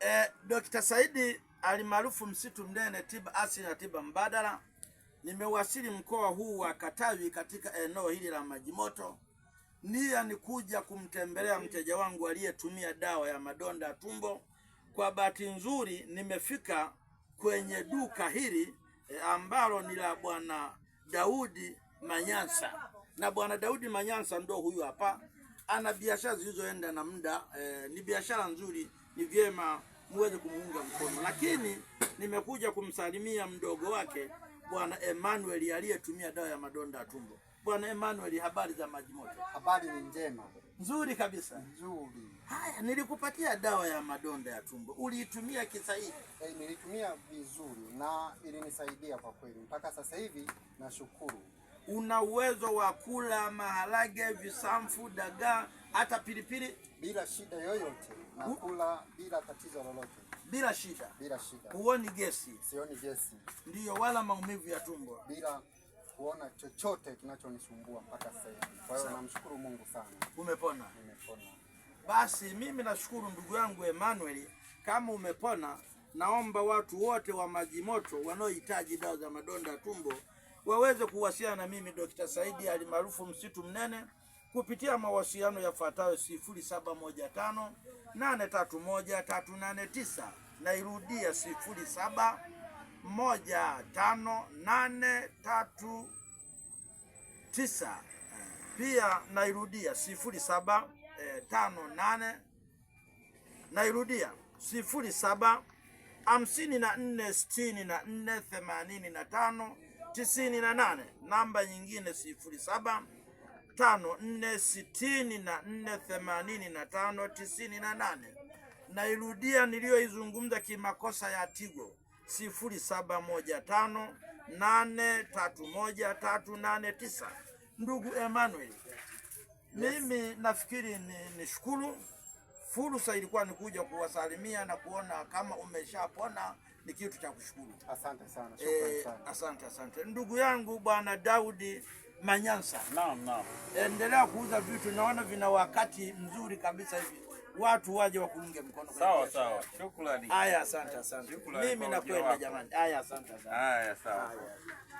E, Dr. Saidi alimaarufu Msitu Mnene, tiba asili na tiba mbadala. Nimewasili mkoa huu wa Katavi katika eneo hili la maji moto Nia ni kuja kumtembelea mteja wangu aliyetumia dawa ya madonda ya tumbo. Kwa bahati nzuri nimefika kwenye duka hili eh, ambalo ni la Bwana Daudi Manyansa, na Bwana Daudi Manyansa ndo huyu hapa ana biashara zilizoenda na muda eh, ni biashara nzuri, ni vyema muweze kumuunga mkono, lakini nimekuja kumsalimia mdogo wake Bwana Emmanuel aliyetumia dawa ya madonda ya tumbo. Bwana Emmanuel, habari za maji moto? Habari ni njema, nzuri kabisa, nzuri. Haya, nilikupatia dawa ya madonda ya tumbo, uliitumia kisahihi? Hey, eh, nilitumia vizuri na ilinisaidia kwa kweli, mpaka sasa hivi nashukuru una uwezo wa kula maharage, visamfu, dagaa, hata pilipili bila shida yoyote, nakula bila tatizo lolote, bila shida, bila shida. Huoni gesi? Sioni gesi, ndiyo, wala maumivu ya tumbo, bila kuona chochote kinachonisumbua mpaka sasa hivi. Kwa hiyo namshukuru Mungu sana, umepona. Nimepona. Basi mimi nashukuru ndugu yangu Emmanuel, kama umepona, naomba watu wote wa Maji Moto wanaohitaji dawa za madonda ya tumbo waweze kuwasiliana na mimi Dr. Saidi alimaarufu Msitu Mnene kupitia mawasiliano yafuatayo: sifuri saba moja tano nane tatu moja tatu nane tisa. Nairudia sifuri saba moja tano nane tatu tisa. Pia nairudia sifuri saba eh, tano nane nairudia sifuri saba hamsini na nne sitini na nne themanini na tano tisini na nane. Namba nyingine sifuri saba tano nne sitini na nne themanini na tano tisini na nane. Nairudia niliyoizungumza kimakosa ya Tigo sifuri saba moja tano nane tatu moja tatu nane tisa. Ndugu Emmanuel, mimi nafikiri ni, ni shukuru fursa ilikuwa ni kuja kuwasalimia na kuona kama umeshapona ni kitu cha kushukuru. Asante sana, eh, shukrani sana. asante asante ndugu yangu Bwana Daudi Manyansa. Naam, naam. Endelea kuuza vitu, naona vina wakati mzuri kabisa hivi watu waje wakuunge mkono. Sawa sawa, shukrani. Haya, asante asante. Mimi nakwenda jamani. Haya, asante sana. Haya, sawa.